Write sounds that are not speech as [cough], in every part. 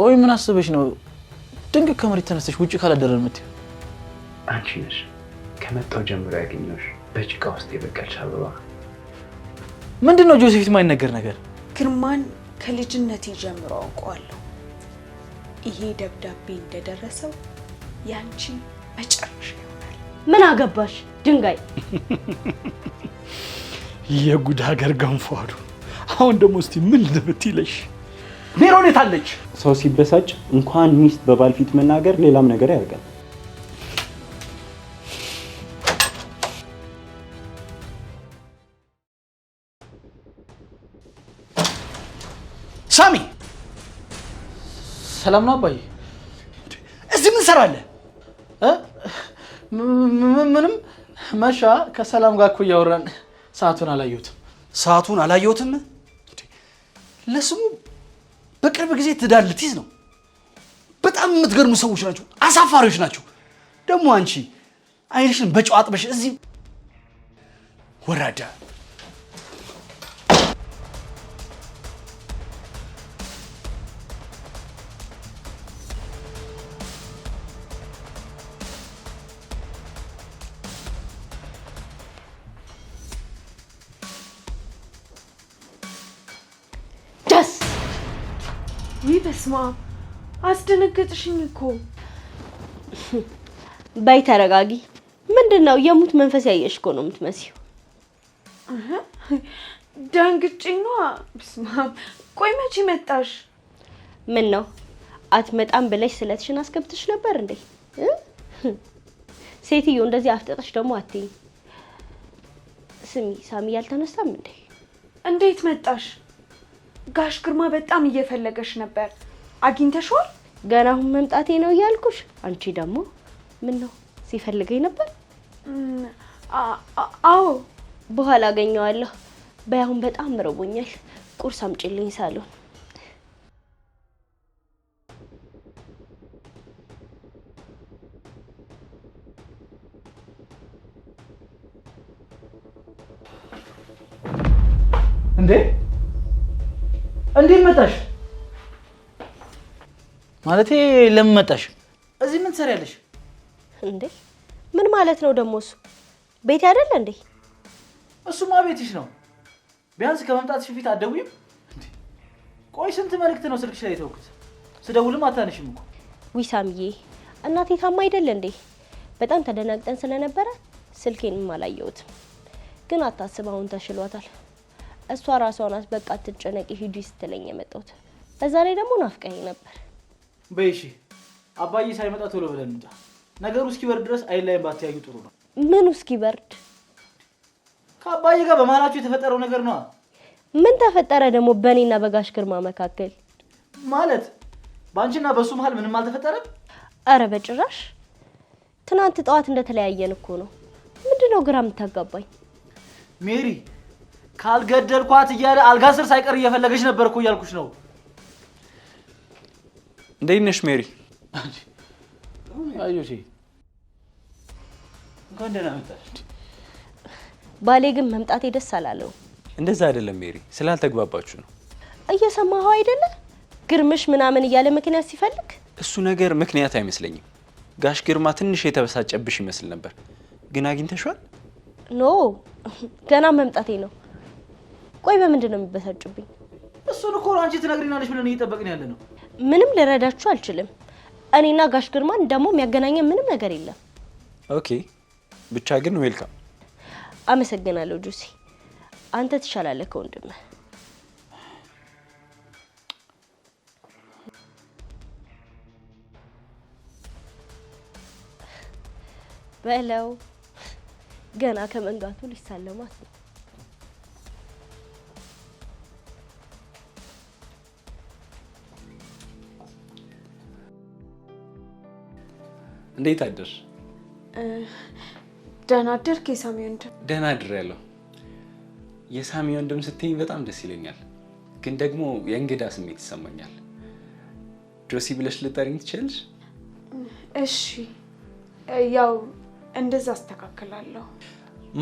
ቆይ ምን አስበሽ ነው ድንቅ ከመሬት ተነስተሽ ውጭ ካላደረን ምት አንቺ ነሽ። ከመጣው ጀምሮ ያገኘሁሽ በጭቃ ውስጥ የበቀልሽ አበባ። ምንድን ነው ጆሴፊት ማይነገር ነገር? ግርማን ከልጅነቴ ጀምሮ አውቀዋለሁ። ይሄ ደብዳቤ እንደደረሰው ያንቺ መጨረሻ ይሆናል። ምን አገባሽ ድንጋይ? የጉድ ሀገር ገንፏዱ። አሁን ደግሞ እስቲ ምን ልብት ይለሽ ቬሮን አለች ሰው ሲበሳጭ እንኳን ሚስት በባል ፊት መናገር ሌላም ነገር ያደርጋል። ሳሚ ሰላም ነው አባዬ። እዚህ ምን ሰራለህ? ምንም መሻ ከሰላም ጋር እኮ እያወራን ሰዓቱን አላየሁትም። ሰዓቱን አላየሁትም? ለስሙ በቅርብ ጊዜ ትዳር ልትይዝ ነው። በጣም የምትገርሙ ሰዎች ናቸው፣ አሳፋሪዎች ናቸው። ደግሞ አንቺ አይንሽን በጨዋጥ አጥበሽ እዚህ ወራዳ ውይ በስማ አስደነገጥሽኝ እኮ። በይ ተረጋጊ። ምንድን ነው የሙት መንፈስ ያየሽ እኮ ነው የምትመስይው። ደንግጬና ብስማ። ቆይ መቼ መጣሽ? ምን ነው አትመጣም ብለሽ ስለትሽን አስገብተሽ ነበር እንዴ? ሴትዮ እንደዚህ አፍጠጠሽ ደግሞ አትይኝ። ስሚ ሳሚ፣ ያልተነሳም እንዴ? እንዴት መጣሽ? ጋሽ ግርማ በጣም እየፈለገሽ ነበር። አግኝተሽዋል? ገና አሁን መምጣቴ ነው እያልኩሽ፣ አንቺ ደግሞ ምን ነው ሲፈልገኝ ነበር? አዎ፣ በኋላ አገኘዋለሁ። በያሁን በጣም ርቦኛል፣ ቁርስ አምጪልኝ ሳሎን መጣሽ? ማለቴ ለምን መጣሽ? እዚህ ምን ትሰሪያለሽ? እንዴ ምን ማለት ነው ደግሞ? እሱ ቤት አይደለ እንዴ? እሱማ ቤትሽ ነው። ቢያንስ ከመምጣትሽ በፊት አትደውይም? ቆይ ስንት መልእክት ነው ስልክሽ ላይ የተውኩት? ስደውልም አታነሽም እኮ። ዊሳምዬ እናቴ ታማ አይደለ እንዴ? በጣም ተደናግጠን ስለነበረ ስልኬንም አላየሁትም። ግን አታስብ፣ አሁን ተሽሏታል። እሷ ራሷ ናት በቃ አትጨነቂ ሂጂ ስትለኝ የመጣሁት። በዛ ላይ ደግሞ ናፍቀኝ ነበር። በይሺ አባዬ ሳይመጣ ቶሎ ብለን እንጃ። ነገሩ እስኪበርድ ድረስ አይን ላይም ባትያዩ ጥሩ ነው። ምን እስኪበርድ? ከአባዬ ጋር በመሀላችሁ የተፈጠረው ነገር ነዋ። ምን ተፈጠረ ደግሞ በእኔና በጋሽ ግርማ መካከል? ማለት በአንቺና በእሱ መሀል ምንም አልተፈጠረም? አረ በጭራሽ። ትናንት ጠዋት እንደተለያየን እኮ ነው። ምንድነው ግራ የምታጋባኝ ሜሪ? ካልገደልኳት እያለ አልጋ ስር ሳይቀር እየፈለገች ነበር እኮ እያልኩሽ ነው። እንዴት ነሽ ሜሪ? ባሌ ግን መምጣቴ ደስ አላለው። እንደዛ አይደለም ሜሪ፣ ስላልተግባባችሁ ነው። እየሰማኸው አይደለ? ግርምሽ ምናምን እያለ ምክንያት ሲፈልግ እሱ ነገር ምክንያት አይመስለኝም። ጋሽ ግርማ ትንሽ የተበሳጨብሽ ይመስል ነበር፣ ግን አግኝተሽዋል? ኖ ገና መምጣቴ ነው። ቆይ በምንድን ነው የሚበሳጭብኝ? እሱን እኮ አንቺ ትነግሪናለሽ ብለን እየጠበቅን ያለ ነው። ምንም ልረዳችሁ አልችልም። እኔና ጋሽ ግርማን ደግሞ የሚያገናኘን ምንም ነገር የለም። ኦኬ፣ ብቻ ግን ዌልካም። አመሰግናለሁ ጁሲ። አንተ ትሻላለህ ከወንድምህ። በለው ገና ከመንጋቱ ሊሳለማት ነው። እንዴት አደርሽ? ደህና አደርክ የሳሚ ወንድም? ደህና አድሬያለሁ። የሳሚ ወንድም ስትይኝ በጣም ደስ ይለኛል፣ ግን ደግሞ የእንግዳ ስሜት ይሰማኛል። ጆሲ ብለሽ ልጠሪኝ ትችያለሽ? እሺ፣ ያው እንደዛ አስተካክላለሁ።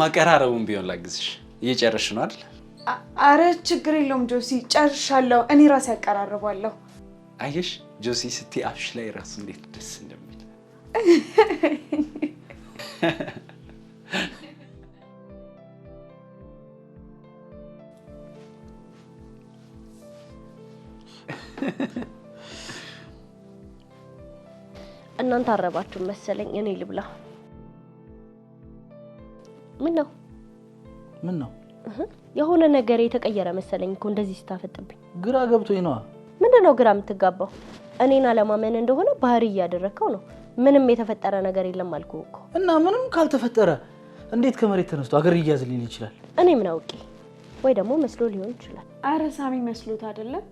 ማቀራረቡን ቢሆን ላግዝሽ። እየጨረሽ ነው አይደል? አረ ችግር የለውም ጆሲ፣ ጨርሻለሁ። እኔ ራሴ ያቀራርባለሁ። አየሽ ጆሲ ስትይ አፍሽ ላይ ራሱ እንዴት ደስ እንደም እናንተ አረባችሁ መሰለኝ። እኔ ልብላ። ምን ነው ምን ነው? የሆነ ነገር የተቀየረ መሰለኝ እኮ እንደዚህ ስታፈጥብኝ ግራ ገብቶኝ ነዋ። ምንድን ነው ግራ የምትጋባው? እኔን አለማመን እንደሆነ ባህሪ እያደረግከው ነው። ምንም የተፈጠረ ነገር የለም አልኩ እኮ። እና ምንም ካልተፈጠረ እንዴት ከመሬት ተነስቶ አገር ይያዝ ሊል ይችላል? እኔ ምን አውቄ፣ ወይ ደግሞ መስሎ ሊሆን ይችላል። አረ ሳሚ መስሎት አይደለም።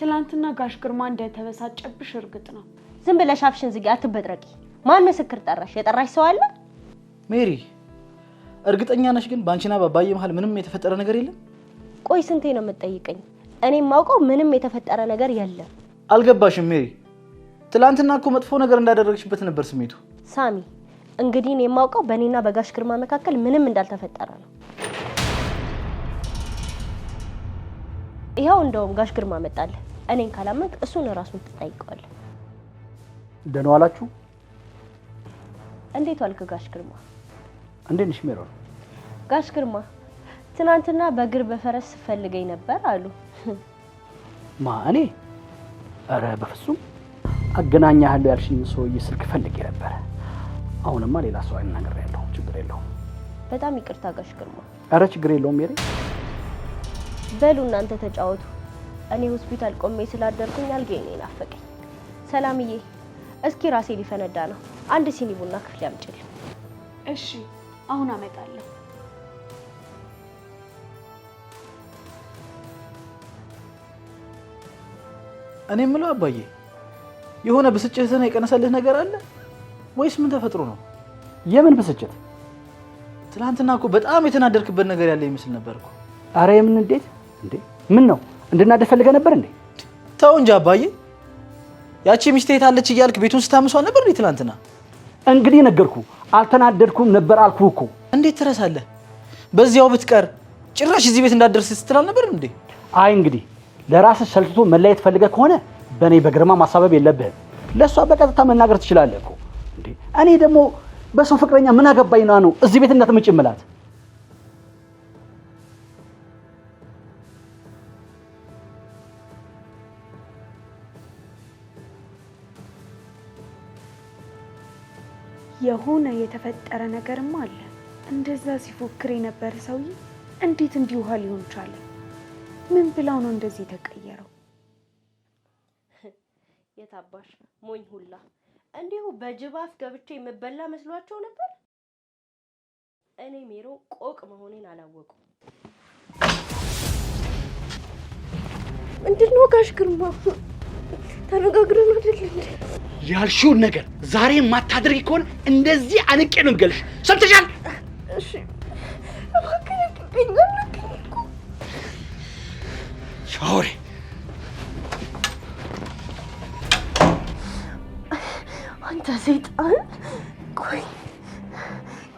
ትናንትና ጋሽ ግርማ እንደተበሳጨብሽ እርግጥ ነው። ዝም ብለሽ አፍሽን ዝጊ፣ አትበጥረቂ። ማን ምስክር ጠራሽ? የጠራሽ ሰው አለ? ሜሪ እርግጠኛ ነሽ ግን በአንቺና በአባዬ መሀል ምንም የተፈጠረ ነገር የለም? ቆይ ስንቴ ነው የምትጠይቀኝ? እኔም ማውቀው ምንም የተፈጠረ ነገር የለም። አልገባሽም ሜሪ ትላንትና እኮ መጥፎ ነገር እንዳደረግሽበት ነበር ስሜቱ። ሳሚ እንግዲህ እኔ የማውቀው በእኔና በጋሽ ግርማ መካከል ምንም እንዳልተፈጠረ ነው። ይኸው እንደውም ጋሽ ግርማ መጣለ። እኔን ካላመንክ እሱን እራሱን ትጠይቀዋለህ። ደህና ዋላችሁ። እንዴት ዋልክ ጋሽ ግርማ? እንዴት ነሽ ሜሮን? ጋሽ ግርማ ትናንትና በእግር በፈረስ ፈልገኝ ነበር አሉ። ማ እኔ? ኧረ በፍጹም አገናኛለሁ ያልሽኝ ሰውዬ ስልክ ፈልጌ ነበረ። አሁንማ ሌላ ሰው ያለው ችግር የለውም። በጣም ይቅርታ ጋሽ ግርማ። አረ ችግር የለውም ሜሪ። በሉ እናንተ ተጫወቱ። እኔ ሆስፒታል ቆሜ ስላደርኩኝ አልጋዬ ነው የናፈቀኝ። ሰላምዬ፣ እስኪ ራሴ ሊፈነዳ ነው። አንድ ሲኒ ቡና ክፍል ያምጭል። እሺ፣ አሁን አመጣለሁ። እኔ የምለው አባዬ የሆነ ብስጭትን የቀነሰልህ ነገር አለ ወይስ ምን ተፈጥሮ ነው? የምን ብስጭት? ትናንትና እኮ በጣም የተናደርክበት ነገር ያለ ይመስል ነበር እኮ። አረ የምን እንዴት? እንዴ ምን ነው እንድናደድ ፈልገህ ነበር እንዴ? ተው እንጂ አባዬ። ያቺ ሚስቴ አለች እያልክ ቤቱን ስታምሷ ነበር እንዴ ትናንትና? እንግዲህ ነገርኩ፣ አልተናደድኩም ነበር አልኩ እኮ። እንዴት ትረሳለህ? በዚያው ብትቀር ጭራሽ እዚህ ቤት እንዳደርስ ስትል ነበር እንዴ? አይ እንግዲህ ለራስህ ሰልችቶ መለየት ፈልገህ ከሆነ በእኔ በግርማ ማሳበብ የለብህም። ለእሷ በቀጥታ መናገር ትችላለህ እኮ እንዴ። እኔ ደግሞ በሰው ፍቅረኛ ምን አገባኝና ነው እዚህ ቤት እንዳትመጭ ምላት የሆነ የተፈጠረ ነገርም አለ። እንደዛ ሲፎክር የነበረ ሰውዬ እንዴት እንዲህ ውሃ ሊሆን ቻለ? ምን ብላው ነው እንደዚህ የተቀየረው? አባሽ ሞኝ ሁላ እንዲሁ በጅባፍ ገብቼ የምበላ መስሏቸው ነበር። እኔ ሜሮ ቆቅ መሆኔን አላወቁም። ነው ጋሽ ግርማ? ተነጋግረን አይደል እንዴ? ያልሽውን ነገር ዛሬ የማታደርጊ ከሆነ እንደዚህ አንቄ ነው የምገልሽ። ሰምተሻል? እሺ ሻወሬ አንተ ሰይጣን! ቆይ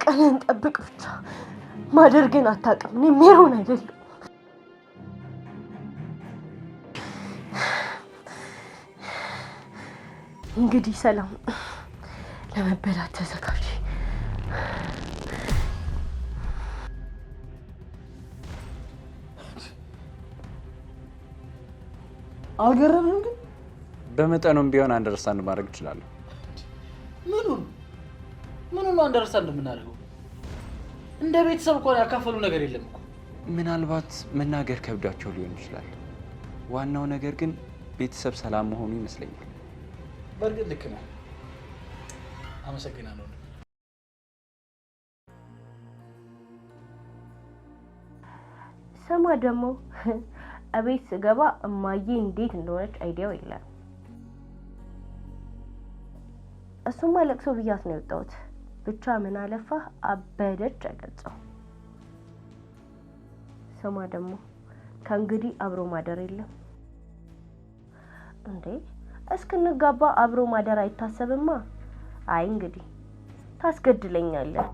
ቀለን ጠብቅ ብቻ። ማደርገን አታውቅም። እኔ ሜሮን አይደለም። እንግዲህ ሰላም፣ ለመበላት ተዘጋጅ። አልገረምም ግን በመጠኑም ቢሆን አንደርስታንድ ማድረግ እችላለሁ። ምን ነው አንደርስታንድ እንደምናደርገው እንደ ቤተሰብ እንኳን ያካፈሉ ነገር የለም እኮ። ምናልባት መናገር ከብዳቸው ሊሆን ይችላል። ዋናው ነገር ግን ቤተሰብ ሰላም መሆኑ ይመስለኛል። በእርግጥ ልክ ነው። አመሰግናለሁ። ስማ ደግሞ [laughs] እቤት ስገባ እማዬ እንዴት እንደሆነች አይዲያው የለም። እሱማ ለቅሶ ብያት ነው የወጣሁት። ብቻ ምን አለፋህ አበደች አይገልጸው ስማ ደግሞ ከእንግዲህ አብሮ ማደር የለም እንዴ? እስክንጋባ አብሮ ማደር አይታሰብማ። አይ እንግዲህ ታስገድለኛለህ።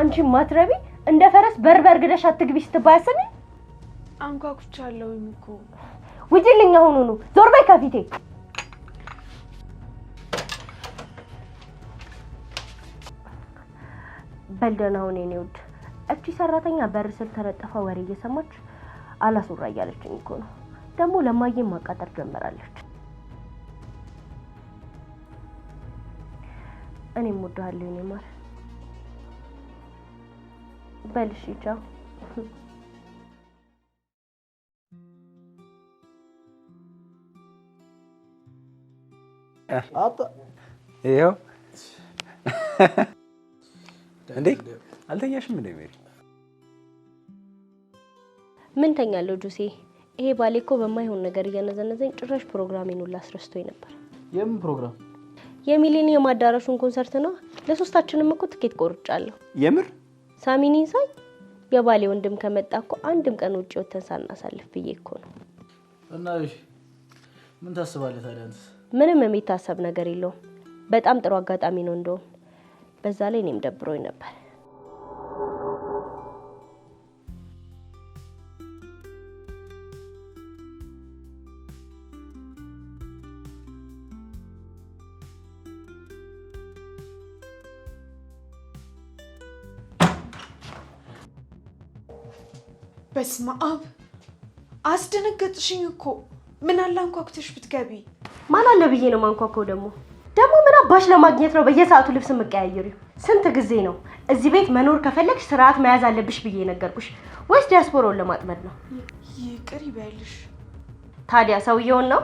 አንቺ ማትረቢ እንደ ፈረስ በርበር ግደሽ አትግቢ ስትባይ አሰሚ አንኳኩቻለሁኝ እኮ ውጪልኝ! አሁኑ ነው። ዞር በይ ከፊቴ። በል ደህና ሁን ውድ። እቺ ሰራተኛ በር ስር ተለጥፋ ወሬ እየሰማች አላስወራ እያለችኝ እኮ ነው። ደግሞ ለማየም ማቃጠር ጀምራለች። እኔም ወደኋለሁ የእኔ ማር። በልሽ ቻው። ይኸው እንዴ አልተኛሽም? እንደ ሜሪ ምን ተኛለሁ ጁሴ ይሄ ባሌ እኮ በማይሆን ነገር እያነዘነዘኝ ጭራሽ ፕሮግራሜን ሁላ አስረስቶኝ ነበር። የምን ፕሮግራም? የሚሊኒየም አዳራሹን ኮንሰርት ነው። ለሶስታችንም እኮ ትኬት ቆርጫለሁ። የምር ሳሚን ይንሳኝ። የባሌ ወንድም ከመጣ እኮ አንድም ቀን ውጭ ወተን ሳናሳልፍ ብዬ እኮ ነው። እና ምን ታስባለ ታዲያንስ ምንም የሚታሰብ ነገር የለውም። በጣም ጥሩ አጋጣሚ ነው። እንደውም በዛ ላይ እኔም ደብሮኝ ነበር። በስመ አብ አስደነገጥሽኝ እኮ ምን አላንኳኩተሽ ብትገቢ ማን አለ ብዬ ነው ማንኳኳው? ደግሞ ደግሞ ምን አባሽ ለማግኘት ነው በየሰዓቱ ልብስ የምቀያየሩ? ስንት ጊዜ ነው እዚህ ቤት መኖር ከፈለግሽ ስርዓት መያዝ አለብሽ ብዬ ነገርኩሽ፣ ወይስ ዲያስፖራውን ለማጥመድ ነው? ይቅር ይበልሽ። ታዲያ ሰውየውን ነው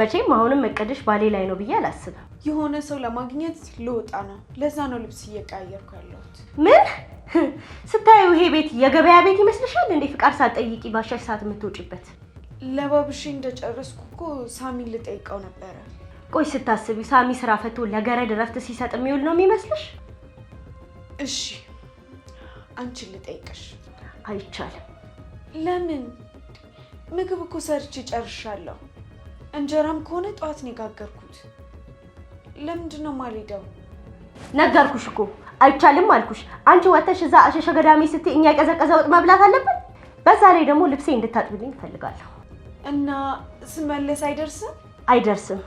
መቼም። አሁንም እቅድሽ ባሌ ላይ ነው ብዬ አላስብም። የሆነ ሰው ለማግኘት ልወጣ ነው። ለዛ ነው ልብስ እየቀያየርኩ ያለሁት። ምን ስታዩ ይሄ ቤት የገበያ ቤት ይመስልሻል እንዴ? ፍቃድ ሳትጠይቂ ባሻሽ ሰዓት የምትወጭበት? ለባብሼ እንደጨረስኩ እኮ ሳሚ ልጠይቀው ነበረ። ቆይ ስታስቢ ሳሚ ስራ ፈቶ ለገረድ እረፍት ሲሰጥ የሚውል ነው የሚመስልሽ? እሺ አንቺን ልጠይቅሽ። አይቻልም። ለምን? ምግብ እኮ ሰርቼ ጨርሻለሁ። እንጀራም ከሆነ ጠዋት ነው የጋገርኩት። ለምንድን ነው ነገርኩሽ እኮ አይቻልም አልኩሽ። አንቺ ወተሽ እዛ አሸሸ ገዳሜ ስትይ እኛ የቀዘቀዘ ወጥ መብላት አለብን። በዛ ላይ ደግሞ ልብሴ እንድታጥብልኝ እፈልጋለሁ። እና ስመለስ አይደርስም አይደርስም።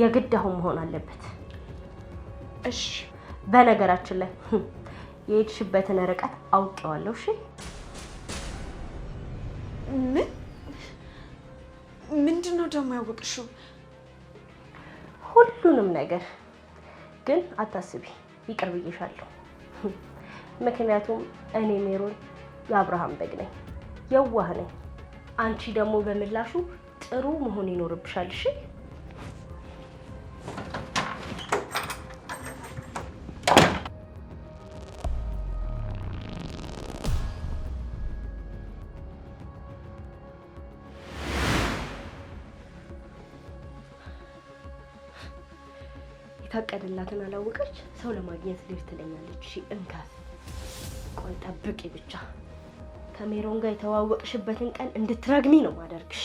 የግድ አሁን መሆን አለበት። እሺ። በነገራችን ላይ የሄድሽበትን ርቀት አውቄዋለሁ። እሺ። ምን ምንድን ነው ደግሞ ያወቅሽው? ሁሉንም ነገር ግን አታስቢ፣ ይቅር ብዬሻለሁ። ምክንያቱም እኔ ሜሮን የአብርሃም በግ ነኝ፣ የዋህ ነኝ። አንቺ ደግሞ በምላሹ ጥሩ መሆን ይኖርብሻል። እሺ የታቀደላትን አላወቀች ሰው ለማግኘት ልጅ ትለኛለች። እሺ ቆይ ጠብቂ ብቻ ከሜሮን ጋር የተዋወቅሽበትን ቀን እንድትረግሚ ነው ማደርግሽ።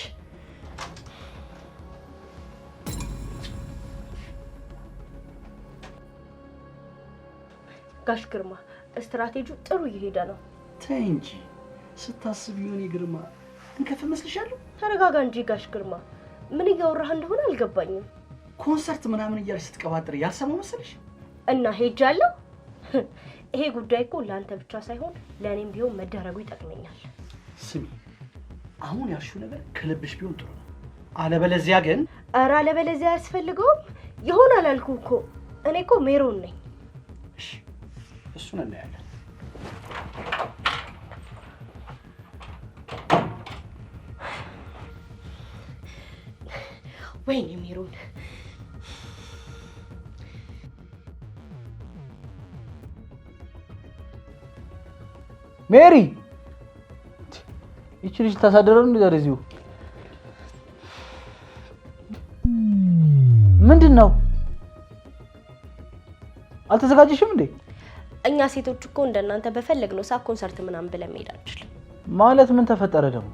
ጋሽ ግርማ ስትራቴጂው ጥሩ እየሄደ ነው። ተይ እንጂ ስታስብ ይሆን ግርማ እንከፍ መስልሻለሁ። ተረጋጋ እንጂ ጋሽ ግርማ፣ ምን እያወራህ እንደሆነ አልገባኝም። ኮንሰርት ምናምን እያለሽ ስትቀባጥር ያልሰማው መሰለሽ? እና ሄጃለሁ [laughs] ይሄ ጉዳይ እኮ ለአንተ ብቻ ሳይሆን ለእኔም ቢሆን መደረጉ ይጠቅመኛል። ስሚ፣ አሁን ያልሽው ነገር ከልብሽ ቢሆን ጥሩ ነው። አለበለዚያ ግን ኧረ አለበለዚያ አያስፈልገውም። ይሆን አላልኩ እኮ እኔ እኮ ሜሮን ነኝ። እሱን እናያለን። ወይኔ ሜሮን ሜሪ ይቺ ልጅ ታሳደረ ነው ዛሬ እዚሁ። ምንድን ነው አልተዘጋጀሽም እንዴ? እኛ ሴቶች እኮ እንደናንተ በፈለግነው ሳ ኮንሰርት ምናምን ብለን መሄድ አንችልም። ማለት ምን ተፈጠረ ደግሞ?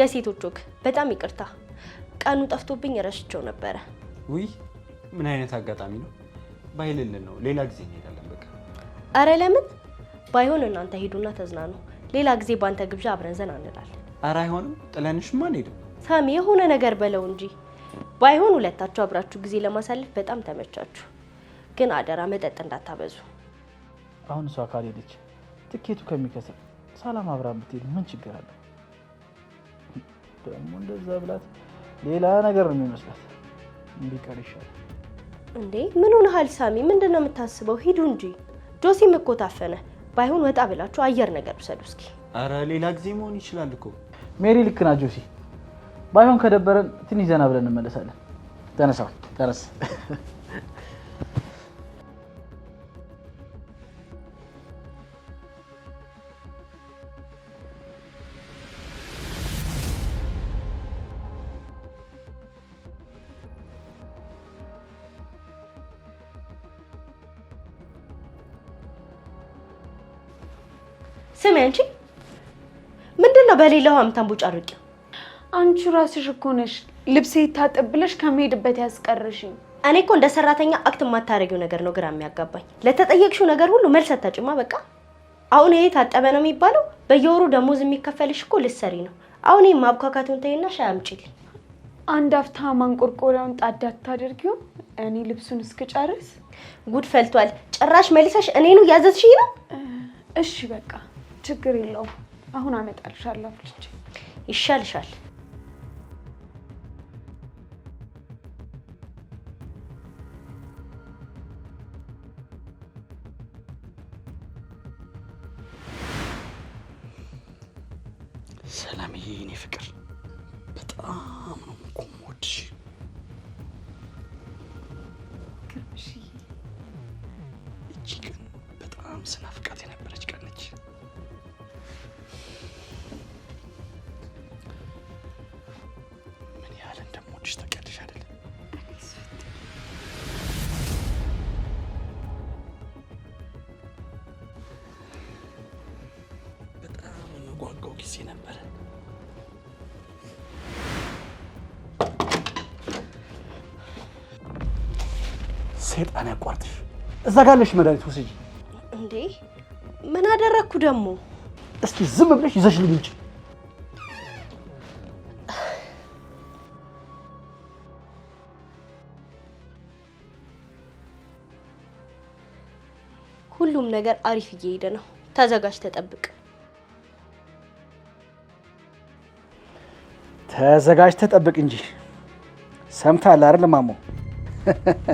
የሴቶች ወግ። በጣም ይቅርታ ቀኑ ጠፍቶብኝ ረሽቸው ነበረ። ውይ ምን አይነት አጋጣሚ ነው! ባይልልን ነው ሌላ ጊዜ እንሄዳለን። በቃ አረ ለምን ባይሆን እናንተ ሂዱና ተዝናኑ። ሌላ ጊዜ ባንተ ግብዣ አብረን ዘና እንላለን። አረ አይሆንም፣ ጥለንሽ ማን ሄደ? ሳሚ የሆነ ነገር በለው እንጂ። ባይሆን ሁለታችሁ አብራችሁ ጊዜ ለማሳለፍ በጣም ተመቻችሁ። ግን አደራ መጠጥ እንዳታበዙ። አሁን እሷ ካልሄደች ትኬቱ ከሚከስር ሰላም አብራ ብትሄድ ምን ችግር አለ? ደግሞ እንደዛ ብላት ሌላ ነገር ነው የሚመስላት። እንዲቀር ይሻል። እንዴ ምን ሆነሃል ሳሚ? ምንድን ነው የምታስበው? ሂዱ እንጂ ጆሲም እኮ ታፈነ። ባይሆን ወጣ ብላችሁ አየር ነገር ውሰዱ እስኪ። አረ ሌላ ጊዜ መሆን ይችላል እኮ ሜሪ። ልክ ናት ጆሲ። ባይሆን ከደበረን ትንሽ ዘና ብለን እንመለሳለን። ተነሳው ተነስ ስሚ አንቺ ምንድን ነው በሌላው የምታንቦጫርቂው? አንቺ ራስሽ እኮ ነሽ ልብሴ ይታጠብ ብለሽ ከመሄድበት ያስቀርሽኝ። እኔ እኮ እንደ ሰራተኛ አክት የማታደርጊው ነገር ነው ግራ የሚያጋባኝ። ለተጠየቅሽው ነገር ሁሉ መልስ አታጭማ። በቃ አሁን ይሄ ታጠበ ነው የሚባለው? በየወሩ ደሞዝ የሚከፈልሽ እኮ ልትሰሪ ነው። አሁን ይሄ ማብካካቱን ተይና ሻይ አምጪልኝ። አንድ አፍታ ማንቆርቆሪያውን ጣድ አታደርጊው። እኔ ልብሱን እስክጨርስ ጉድ ፈልቷል። ጭራሽ መልሰሽ እኔኑ ያዘዝሽ ነው። እሺ በቃ ችግር የለው። አሁን አመጣልሻለሁ። ልጅ ይሻልሻል። ሰላምዬ፣ እኔ ፍቅር በጣም ነው እኮ የምወድሽ ሰይጣን ያቋርጥሽ። እዛ ጋር ያለሽ መድኃኒት ውስጂ። እንዴ ምን አደረግኩ ደግሞ? እስኪ ዝም ብለሽ ይዘሽ ልግጭ። ሁሉም ነገር አሪፍ እየሄደ ነው። ተዘጋጅ፣ ተጠብቅ። ተዘጋጅ፣ ተጠብቅ እንጂ ሰምታ አይደል ማሞ? [laughs]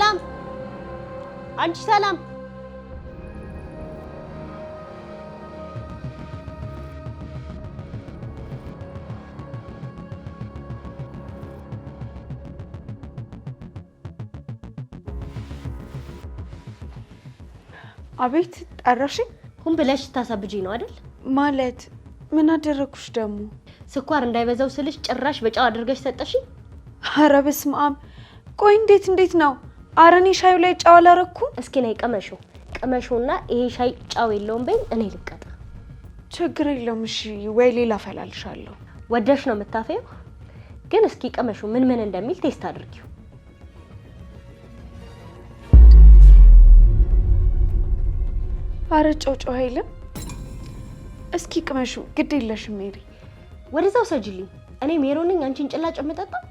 ሰላም፣ አንቺ ሰላም አቤት ጠራሽኝ? ሁን ብለሽ ታሳብጂኝ ነው አይደል? ማለት ምን አደረግኩሽ ደግሞ? ስኳር እንዳይበዛው ስልሽ ጭራሽ በጫው አድርገሽ ሰጠሽኝ። ኧረ በስመ አብ! ቆይ እንዴት እንዴት ነው ኧረ እኔ ሻዩ ላይ ጫው አላረኩም። እስኪ ነይ ቅመሹ ቅመሹና ይሄ ሻይ ጫው የለውም በይ፣ እኔ ልቀጣ። ችግር የለውም እሺ፣ ወይ ሌላ ፈላልሻለሁ። ወደሽ ነው የምታፈየው፣ ግን እስኪ ቅመሹ ምን ምን እንደሚል ቴስት አድርጊው። አረ ጨው ጨው አይልም። እስኪ ቅመሹ፣ ግድ የለሽም ሜሪ። ወደዛው ሰጅልኝ። እኔ ሜሮንኝ ነኝ። አንቺን ጭላጭ የምጠጣው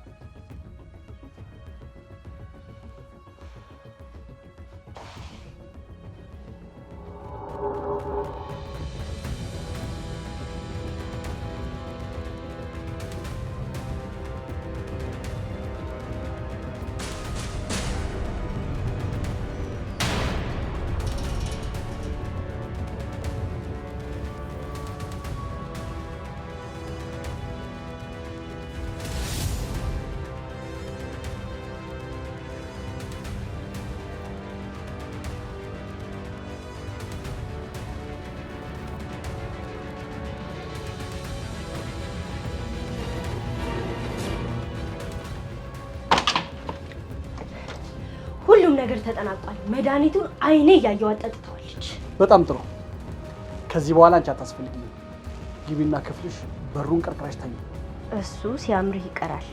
ነገር ተጠናቋል። መድኃኒቱን አይኔ እያየዋ ጠጥተዋለች። በጣም ጥሩ። ከዚህ በኋላ አንቺ አታስፈልግም። ግቢና ክፍልሽ በሩን ቀርቅራሽ ታኝ። እሱ ሲያምርህ ይቀራል።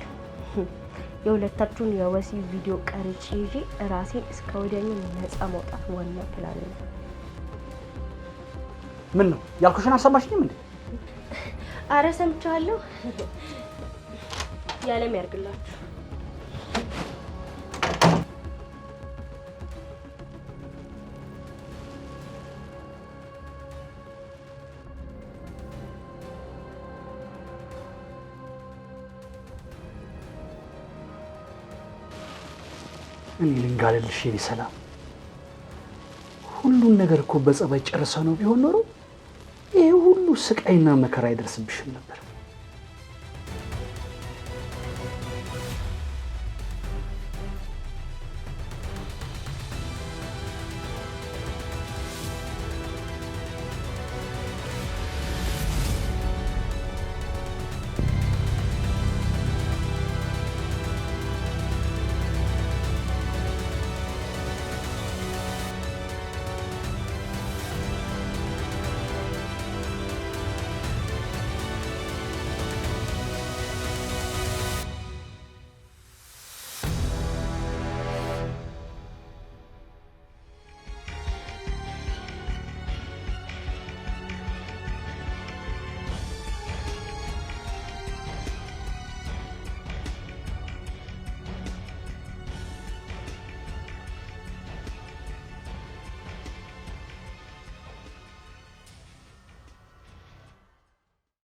የሁለታችሁን የወሲ ቪዲዮ ቀርጬ ይዤ ራሴን እስከ ወዲያኛ ነፃ ማውጣት ዋና ፕላን ነው። ምን ነው ያልኩሽን አልሰማሽኝም እንዴ? አረ ሰምቻለሁ። ያለም ያርግላችሁ። እኔ ልንጋልልሽ የኔ ሰላም፣ ሁሉን ነገር እኮ በጸባይ ጨርሰ ነው ቢሆን ኖሮ ይሄ ሁሉ ስቃይና መከራ አይደርስብሽም ነበር።